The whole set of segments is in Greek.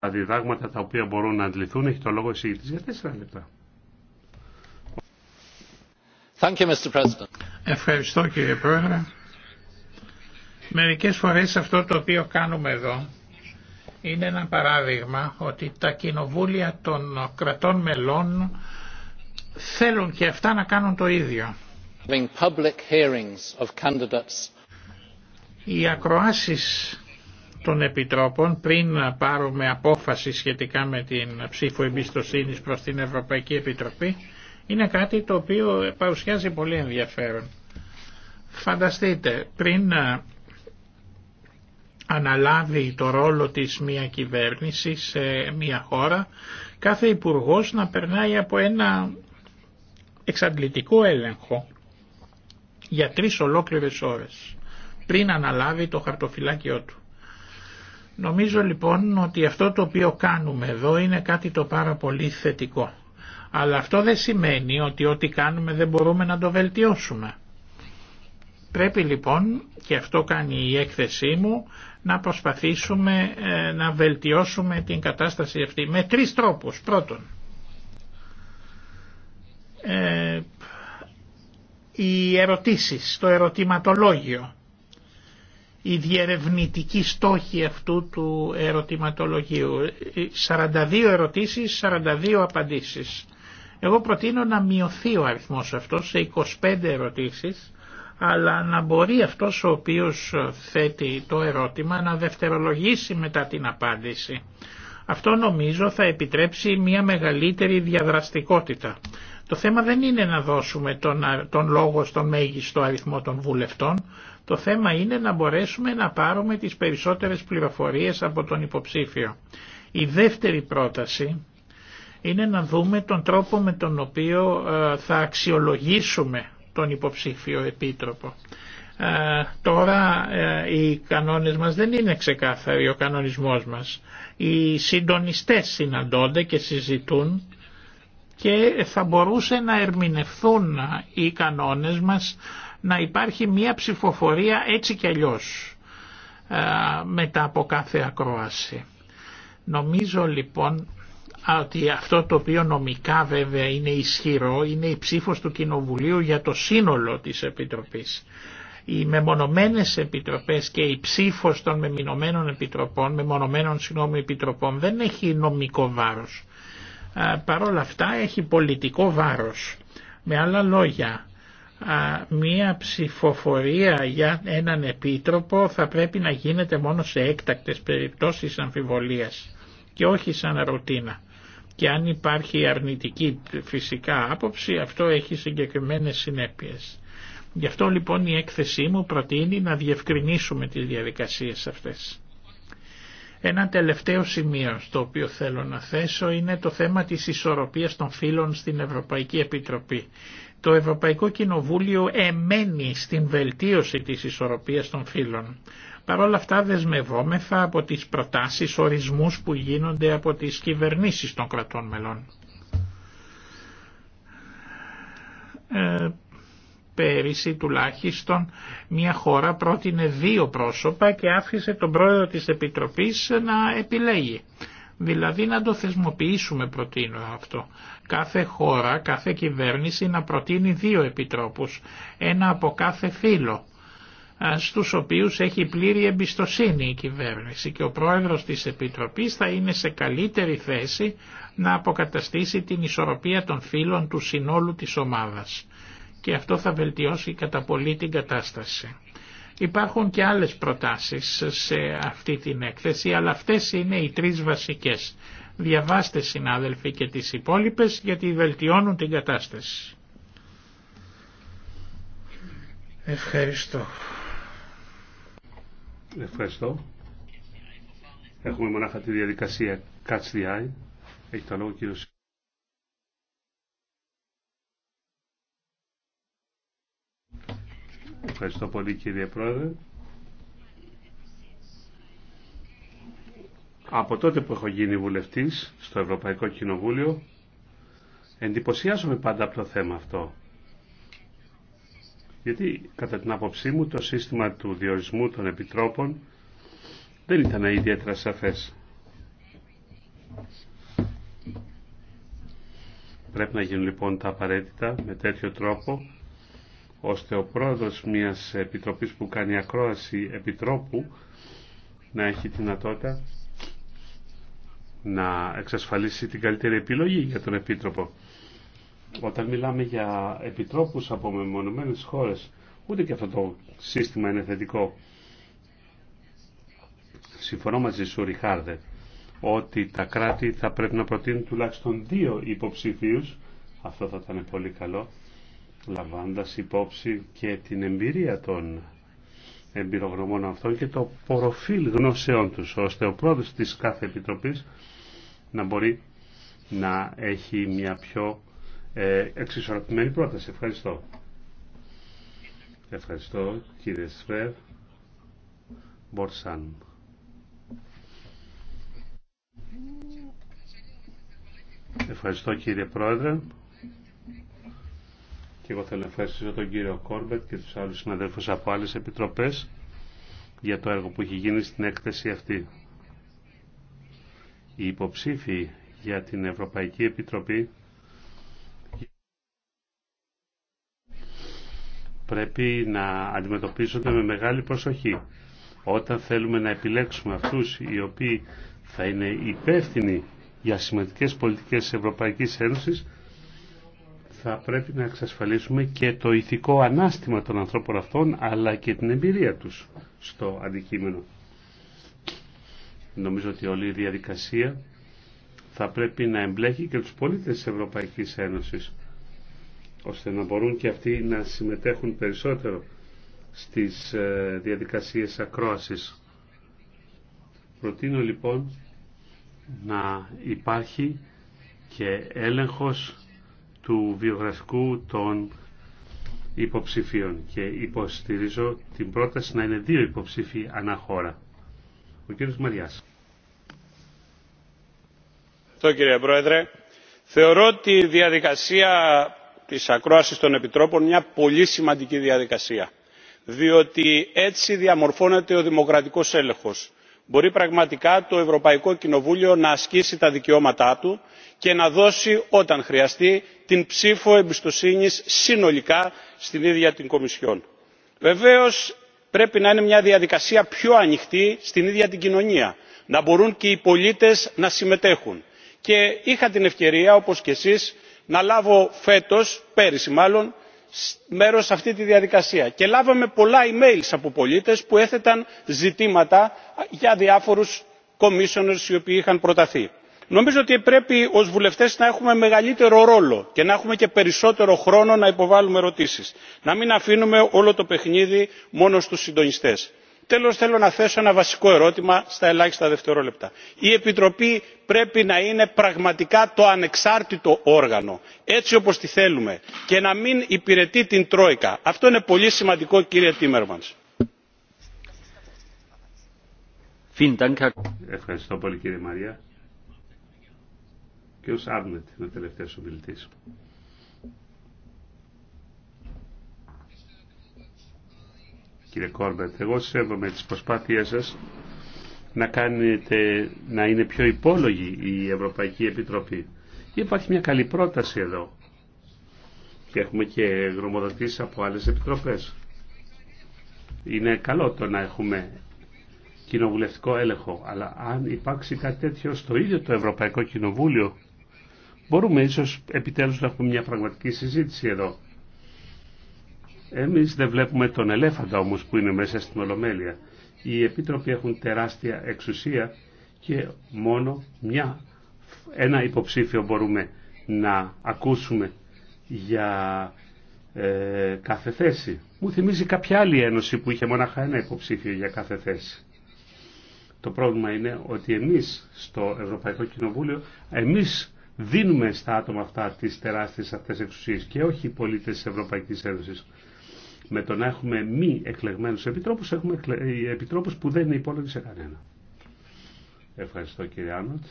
τα διδάγματα τα οποία μπορούν να αντληθούν. Έχει το λόγο εισηγητή για τέσσερα λεπτά. Ευχαριστώ κύριε Πρόεδρε. Μερικές φορές αυτό το οποίο κάνουμε εδώ είναι ένα παράδειγμα ότι τα κοινοβούλια των κρατών μελών θέλουν και αυτά να κάνουν το ίδιο. of Οι ακροάσεις των Επιτρόπων πριν πάρουμε απόφαση σχετικά με την ψήφο εμπιστοσύνη προς την Ευρωπαϊκή Επιτροπή είναι κάτι το οποίο παρουσιάζει πολύ ενδιαφέρον. Φανταστείτε, πριν αναλάβει το ρόλο της μια κυβέρνηση σε μια χώρα, κάθε υπουργός να περνάει από ένα εξαντλητικό έλεγχο για τρεις ολόκληρες ώρες πριν αναλάβει το χαρτοφυλάκιό του. Νομίζω λοιπόν ότι αυτό το οποίο κάνουμε εδώ είναι κάτι το πάρα πολύ θετικό. Αλλά αυτό δεν σημαίνει ότι ό,τι κάνουμε δεν μπορούμε να το βελτιώσουμε. Πρέπει λοιπόν, και αυτό κάνει η έκθεσή μου, να προσπαθήσουμε ε, να βελτιώσουμε την κατάσταση αυτή με τρεις τρόπους. Πρώτον, ε, οι ερωτήσεις, το ερωτηματολόγιο η διερευνητική στόχη αυτού του ερωτηματολογίου. 42 ε, ερωτήσεις, 42 απαντήσεις. Εγώ προτείνω να μειωθεί ο αριθμός αυτός σε 25 ερωτήσεις, αλλά να μπορεί αυτός ο οποίος θέτει το ερώτημα να δευτερολογήσει μετά την απάντηση. Αυτό νομίζω θα επιτρέψει μια μεγαλύτερη διαδραστικότητα. Το θέμα δεν είναι να δώσουμε τον, τον λόγο στον μέγιστο αριθμό των βουλευτών, το θέμα είναι να μπορέσουμε να πάρουμε τις περισσότερες πληροφορίες από τον υποψήφιο. Η δεύτερη πρόταση είναι να δούμε τον τρόπο με τον οποίο ε, θα αξιολογήσουμε τον υποψήφιο επίτροπο. Ε, τώρα ε, οι κανόνες μας δεν είναι ξεκάθαροι, ο κανονισμός μας. Οι συντονιστές συναντώνται και συζητούν και θα μπορούσε να ερμηνευθούν οι κανόνες μας να υπάρχει μία ψηφοφορία έτσι κι αλλιώς μετά από κάθε ακρόαση. Νομίζω λοιπόν ότι αυτό το οποίο νομικά βέβαια είναι ισχυρό είναι η ψήφος του Κοινοβουλίου για το σύνολο της Επιτροπής. Οι μεμονωμένες επιτροπές και η ψήφος των μεμονωμένων επιτροπών, μεμονωμένων συγγνώμη επιτροπών δεν έχει νομικό βάρος παρόλα αυτά έχει πολιτικό βάρος. Με άλλα λόγια, μία ψηφοφορία για έναν επίτροπο θα πρέπει να γίνεται μόνο σε έκτακτες περιπτώσεις αμφιβολίας και όχι σαν ρουτίνα. Και αν υπάρχει αρνητική φυσικά άποψη, αυτό έχει συγκεκριμένες συνέπειες. Γι' αυτό λοιπόν η έκθεσή μου προτείνει να διευκρινίσουμε τις διαδικασίες αυτές. Ένα τελευταίο σημείο στο οποίο θέλω να θέσω είναι το θέμα της ισορροπίας των φύλων στην Ευρωπαϊκή Επιτροπή. Το Ευρωπαϊκό Κοινοβούλιο εμένει στην βελτίωση της ισορροπίας των φύλων. Παρ' όλα αυτά δεσμευόμεθα από τις προτάσεις ορισμούς που γίνονται από τις κυβερνήσεις των κρατών μελών. Ε, πέρυσι τουλάχιστον μια χώρα πρότεινε δύο πρόσωπα και άφησε τον πρόεδρο της Επιτροπής να επιλέγει. Δηλαδή να το θεσμοποιήσουμε προτείνω αυτό. Κάθε χώρα, κάθε κυβέρνηση να προτείνει δύο επιτρόπους, ένα από κάθε φύλλο, στους οποίους έχει πλήρη εμπιστοσύνη η κυβέρνηση και ο πρόεδρος της Επιτροπής θα είναι σε καλύτερη θέση να αποκαταστήσει την ισορροπία των φύλων του συνόλου της ομάδας και αυτό θα βελτιώσει κατά πολύ την κατάσταση. Υπάρχουν και άλλες προτάσεις σε αυτή την έκθεση, αλλά αυτές είναι οι τρεις βασικές. Διαβάστε συνάδελφοι και τις υπόλοιπες γιατί βελτιώνουν την κατάσταση. Ευχαριστώ. Ευχαριστώ. Έχουμε μονάχα τη διαδικασία Catch the Eye. Ευχαριστώ πολύ κύριε Πρόεδρε. Από τότε που έχω γίνει βουλευτής στο Ευρωπαϊκό Κοινοβούλιο εντυπωσιάζομαι πάντα από το θέμα αυτό. Γιατί κατά την άποψή μου το σύστημα του διορισμού των επιτρόπων δεν ήταν ιδιαίτερα σαφές. Πρέπει να γίνουν λοιπόν τα απαραίτητα με τέτοιο τρόπο ώστε ο πρόεδρος μιας επιτροπής που κάνει ακρόαση επιτρόπου να έχει τη δυνατότητα να εξασφαλίσει την καλύτερη επιλογή για τον επίτροπο. Όταν μιλάμε για επιτρόπους από μεμονωμένες χώρες, ούτε και αυτό το σύστημα είναι θετικό. Συμφωνώ μαζί σου, Ριχάρδε, ότι τα κράτη θα πρέπει να προτείνουν τουλάχιστον δύο υποψηφίους, αυτό θα ήταν πολύ καλό, λαμβάνοντας υπόψη και την εμπειρία των εμπειρογνωμών αυτών και το προφίλ γνώσεών τους, ώστε ο πρόεδρος της κάθε επιτροπής να μπορεί να έχει μια πιο ε, εξισορροπημένη πρόταση. Ευχαριστώ. Ευχαριστώ κύριε Σφέρ Μπορσάν. Ευχαριστώ κύριε Πρόεδρε. Και εγώ θέλω να ευχαριστήσω τον κύριο Κόρμπετ και τους άλλους συναδέλφους από άλλες επιτροπές για το έργο που έχει γίνει στην έκθεση αυτή. Οι υποψήφοι για την Ευρωπαϊκή Επιτροπή πρέπει να αντιμετωπίζονται με μεγάλη προσοχή. Όταν θέλουμε να επιλέξουμε αυτούς οι οποίοι θα είναι υπεύθυνοι για σημαντικές πολιτικές της Ευρωπαϊκής Ένωσης, θα πρέπει να εξασφαλίσουμε και το ηθικό ανάστημα των ανθρώπων αυτών αλλά και την εμπειρία τους στο αντικείμενο. Νομίζω ότι όλη η διαδικασία θα πρέπει να εμπλέκει και τους πολίτες της Ευρωπαϊκής Ένωσης ώστε να μπορούν και αυτοί να συμμετέχουν περισσότερο στις ε, διαδικασίες ακρόασης. Προτείνω λοιπόν να υπάρχει και έλεγχος του βιογραφικού των υποψηφίων και υποστηρίζω την πρόταση να είναι δύο υποψήφοι ανά χώρα. Ο κύριος Μαριάς. Ευχαριστώ κύριε Πρόεδρε. Θεωρώ ότι η διαδικασία της ακρόασης των επιτρόπων μια πολύ σημαντική διαδικασία διότι έτσι διαμορφώνεται ο δημοκρατικός έλεγχος μπορεί πραγματικά το ευρωπαϊκό κοινοβούλιο να ασκήσει τα δικαιώματά του και να δώσει όταν χρειαστεί την ψήφο εμπιστοσύνης συνολικά στην ίδια την κομισιόν. βεβαίως πρέπει να είναι μια διαδικασία πιο ανοιχτή στην ίδια την κοινωνία να μπορούν και οι πολίτες να συμμετέχουν και είχα την ευκαιρία όπως και εσείς να λάβω φέτος πέρυσι μάλλον μέρος σε αυτή τη διαδικασία και λάβαμε πολλά email από πολίτες που έθεταν ζητήματα για διάφορους commissioners οι οποίοι είχαν προταθεί. νομίζω ότι πρέπει ως βουλευτές να έχουμε μεγαλύτερο ρόλο και να έχουμε και περισσότερο χρόνο να υποβάλουμε ερωτήσεις να μην αφήνουμε όλο το παιχνίδι μόνο στους συντονιστές τέλος θέλω να θέσω ένα βασικό ερώτημα στα ελάχιστα δευτερόλεπτα η επιτροπή πρέπει να είναι πραγματικά το ανεξάρτητο όργανο έτσι όπως τη θέλουμε και να μην υπηρετεί την τρόικα. αυτό είναι πολύ σημαντικό κύριε τίμερμανς. Ευχαριστώ πολύ κύριε Μαρία. Κύριος Άρνετ είναι ο τελευταίος κύριε Κόρμπερτ, Εγώ σέβομαι τις προσπάθειές σας να, κάνετε, να είναι πιο υπόλογη η Ευρωπαϊκή Επιτροπή. Υπάρχει μια καλή πρόταση εδώ και έχουμε και γνωμοδοτήσει από άλλες επιτροπές. Είναι καλό το να έχουμε κοινοβουλευτικό έλεγχο, αλλά αν υπάρξει κάτι τέτοιο στο ίδιο το Ευρωπαϊκό Κοινοβούλιο, μπορούμε ίσως επιτέλους να έχουμε μια πραγματική συζήτηση εδώ. Εμείς δεν βλέπουμε τον ελέφαντα όμως που είναι μέσα στην Ολομέλεια. Οι επίτροποι έχουν τεράστια εξουσία και μόνο μια, ένα υποψήφιο μπορούμε να ακούσουμε για ε, κάθε θέση. Μου θυμίζει κάποια άλλη ένωση που είχε μονάχα ένα υποψήφιο για κάθε θέση. Το πρόβλημα είναι ότι εμείς στο Ευρωπαϊκό Κοινοβούλιο, εμείς δίνουμε στα άτομα αυτά τις τεράστιες αυτές εξουσίες και όχι οι πολίτες της Ευρωπαϊκής Ένωσης. Με το να έχουμε μη εκλεγμένους επιτρόπους, έχουμε ε, επιτρόπους που δεν είναι υπόλογοι σε κανένα. Ευχαριστώ κύριε Άνοτ.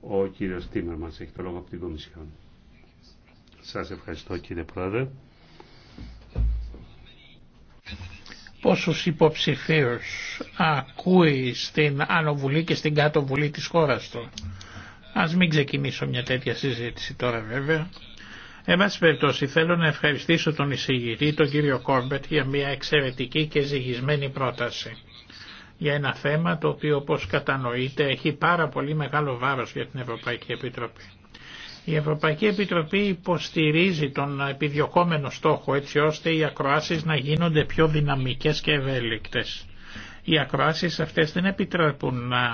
Ο κύριος Τίμερ μας έχει το λόγο από την Κομισιόν. Σας ευχαριστώ κύριε Πρόεδρε. Πόσους υποψηφίους ακούει στην Άνω και στην Κάτω Βουλή της χώρας του. Ας μην ξεκινήσω μια τέτοια συζήτηση τώρα βέβαια. Εν πάση περιπτώσει θέλω να ευχαριστήσω τον εισηγητή, τον κύριο Κόρμπετ, για μια εξαιρετική και ζυγισμένη πρόταση. Για ένα θέμα το οποίο όπω κατανοείται έχει πάρα πολύ μεγάλο βάρος για την Ευρωπαϊκή Επιτροπή. Η Ευρωπαϊκή Επιτροπή υποστηρίζει τον επιδιωκόμενο στόχο έτσι ώστε οι ακροάσεις να γίνονται πιο δυναμικές και ευέλικτες. Οι ακροάσεις αυτές δεν επιτρέπουν να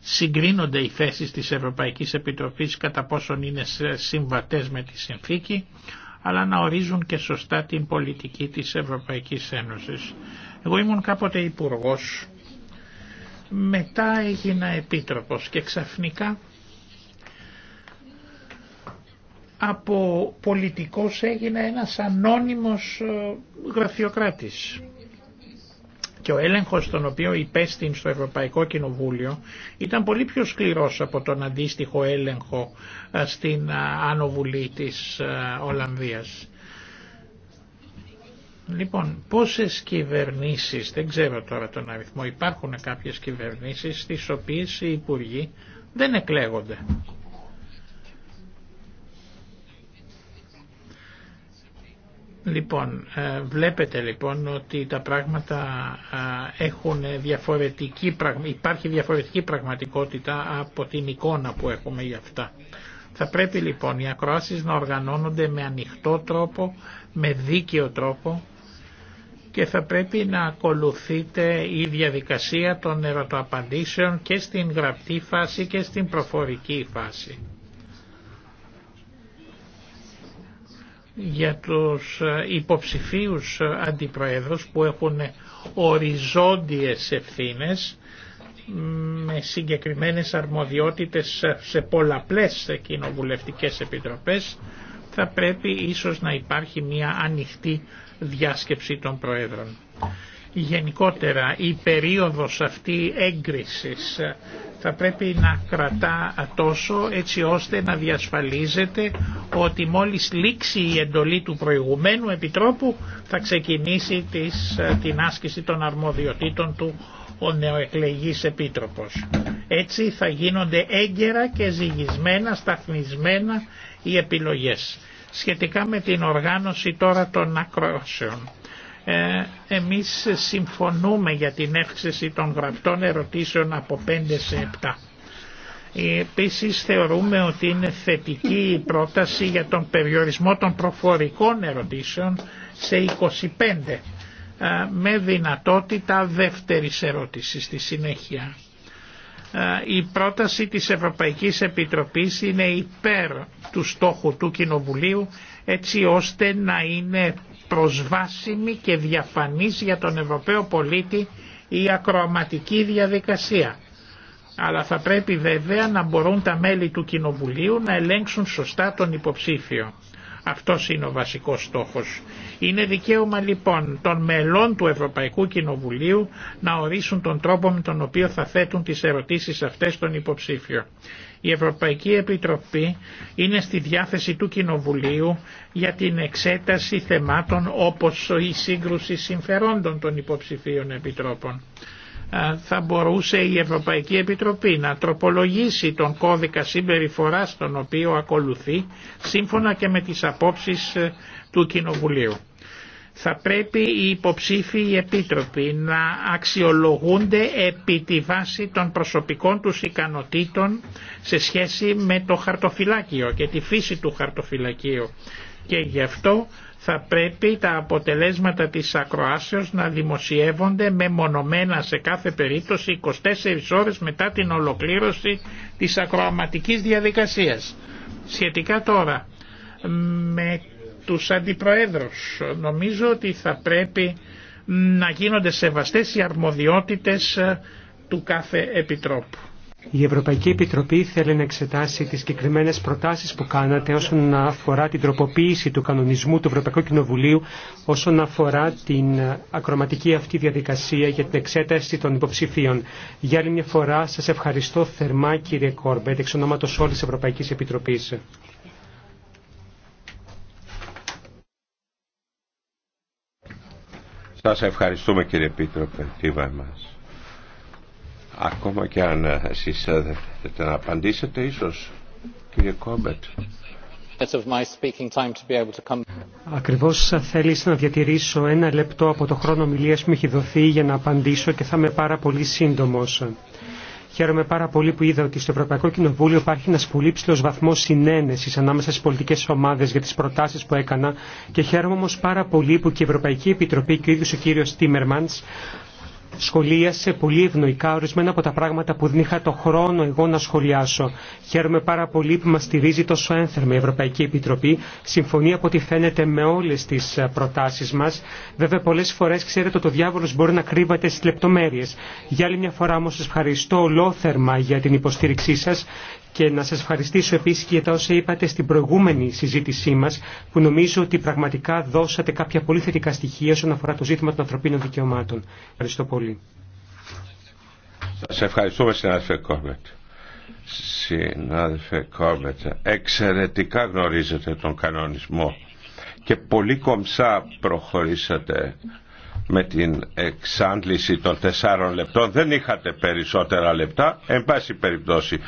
συγκρίνονται οι θέσεις της Ευρωπαϊκής Επιτροπής κατά πόσον είναι συμβατές με τη συνθήκη, αλλά να ορίζουν και σωστά την πολιτική της Ευρωπαϊκής Ένωσης. Εγώ ήμουν κάποτε υπουργό. μετά έγινα επίτροπος και ξαφνικά από πολιτικός έγινε ένας ανώνυμος ε, γραφειοκράτης και ο έλεγχος τον οποίο υπέστην στο Ευρωπαϊκό Κοινοβούλιο ήταν πολύ πιο σκληρός από τον αντίστοιχο έλεγχο στην άνοβουλή της Ολλανδίας. Λοιπόν, πόσες κυβερνήσεις, δεν ξέρω τώρα τον αριθμό, υπάρχουν κάποιες κυβερνήσεις στις οποίες οι υπουργοί δεν εκλέγονται. Λοιπόν, ε, βλέπετε λοιπόν ότι τα πράγματα έχουν διαφορετική, υπάρχει διαφορετική πραγματικότητα από την εικόνα που έχουμε για αυτά. Θα πρέπει λοιπόν οι ακροάσεις να οργανώνονται με ανοιχτό τρόπο, με δίκαιο τρόπο και θα πρέπει να ακολουθείτε η διαδικασία των ερωτοαπαντήσεων και στην γραπτή φάση και στην προφορική φάση. για τους ε, υποψηφίους ε, αντιπροέδρους που έχουν οριζόντιες ευθύνες με συγκεκριμένες αρμοδιότητες σε πολλαπλές κοινοβουλευτικές επιτροπές θα πρέπει ίσως να υπάρχει μια ανοιχτή διάσκεψη των προέδρων γενικότερα η περίοδος αυτή έγκρισης θα πρέπει να κρατά τόσο έτσι ώστε να διασφαλίζεται ότι μόλις λήξει η εντολή του προηγουμένου επιτρόπου θα ξεκινήσει την άσκηση των αρμοδιοτήτων του ο νεοεκλεγής επίτροπος. Έτσι θα γίνονται έγκαιρα και ζυγισμένα, σταθμισμένα οι επιλογές. Σχετικά με την οργάνωση τώρα των ακρόσεων ε, εμείς συμφωνούμε για την έξεση των γραπτών ερωτήσεων από 5 σε 7. Ε, επίσης θεωρούμε ότι είναι θετική η πρόταση για τον περιορισμό των προφορικών ερωτήσεων σε 25 ε, με δυνατότητα δεύτερης ερώτησης στη συνέχεια. Η πρόταση της Ευρωπαϊκής Επιτροπής είναι υπέρ του στόχου του Κοινοβουλίου έτσι ώστε να είναι προσβάσιμη και διαφανής για τον Ευρωπαίο πολίτη η ακροαματική διαδικασία. Αλλά θα πρέπει βέβαια να μπορούν τα μέλη του Κοινοβουλίου να ελέγξουν σωστά τον υποψήφιο. Αυτός είναι ο βασικός στόχος. Είναι δικαίωμα λοιπόν των μελών του Ευρωπαϊκού Κοινοβουλίου να ορίσουν τον τρόπο με τον οποίο θα θέτουν τις ερωτήσεις αυτές στον υποψήφιο. Η Ευρωπαϊκή Επιτροπή είναι στη διάθεση του Κοινοβουλίου για την εξέταση θεμάτων όπως η σύγκρουση συμφερόντων των υποψηφίων επιτρόπων θα μπορούσε η Ευρωπαϊκή Επιτροπή να τροπολογήσει τον κώδικα συμπεριφοράς τον οποίο ακολουθεί σύμφωνα και με τις απόψεις ε, του Κοινοβουλίου. Θα πρέπει οι υποψήφοι επίτροποι να αξιολογούνται επί τη βάση των προσωπικών τους ικανοτήτων σε σχέση με το χαρτοφυλάκιο και τη φύση του χαρτοφυλακίου και γι' αυτό θα πρέπει τα αποτελέσματα της ακροάσεως να δημοσιεύονται μεμονωμένα σε κάθε περίπτωση 24 ώρες μετά την ολοκλήρωση της ακροαματικής διαδικασίας. Σχετικά τώρα με τους αντιπροέδρους νομίζω ότι θα πρέπει να γίνονται σεβαστές οι αρμοδιότητες του κάθε επιτρόπου. Η Ευρωπαϊκή Επιτροπή θέλει να εξετάσει τις συγκεκριμένε προτάσεις που κάνατε όσον αφορά την τροποποίηση του κανονισμού του Ευρωπαϊκού Κοινοβουλίου όσον αφορά την ακροματική αυτή διαδικασία για την εξέταση των υποψηφίων. Για άλλη μια φορά σας ευχαριστώ θερμά κύριε Κόρμπετ, εξ ονόματος όλης της Ευρωπαϊκής Επιτροπής. Σας ευχαριστούμε κύριε Επίτροπε. Τι μας. Ακόμα και αν ε, εσείς ε, θέλετε να απαντήσετε ίσως κύριε Κόμπετ. Ακριβώς ε, θέλησα να διατηρήσω ένα λεπτό από το χρόνο μιλίας που μου έχει δοθεί για να απαντήσω και θα είμαι πάρα πολύ σύντομος. Χαίρομαι πάρα πολύ που είδα ότι στο Ευρωπαϊκό Κοινοβούλιο υπάρχει ένα πολύ ψηλό βαθμό συνένεση ανάμεσα στι πολιτικέ ομάδε για τι προτάσει που έκανα και χαίρομαι όμω πάρα πολύ που και η Ευρωπαϊκή Επιτροπή και ο ίδιο ο κύριο Τίμερμαντ σχολίασε πολύ ευνοϊκά ορισμένα από τα πράγματα που δεν είχα το χρόνο εγώ να σχολιάσω. Χαίρομαι πάρα πολύ που μας στηρίζει τόσο ένθερμα η Ευρωπαϊκή Επιτροπή. Συμφωνεί από ό,τι φαίνεται με όλες τις ε, προτάσεις μας. Βέβαια πολλές φορές ξέρετε ότι ο διάβολος μπορεί να κρύβεται στις λεπτομέρειες. Για άλλη μια φορά όμως σας ευχαριστώ ολόθερμα για την υποστήριξή σας και να σας ευχαριστήσω επίσης και για τα όσα είπατε στην προηγούμενη συζήτησή μας που νομίζω ότι πραγματικά δώσατε κάποια πολύ θετικά στοιχεία όσον αφορά το ζήτημα των ανθρωπίνων δικαιωμάτων. Ευχαριστώ πολύ. Σας ευχαριστούμε συνάδελφε Κόρμετ. Συνάδελφε Κόρμετ, εξαιρετικά γνωρίζετε τον κανονισμό και πολύ κομψά προχωρήσατε με την εξάντληση των τεσσάρων λεπτών. Δεν είχατε περισσότερα λεπτά. Εν πάση περιπτώσει,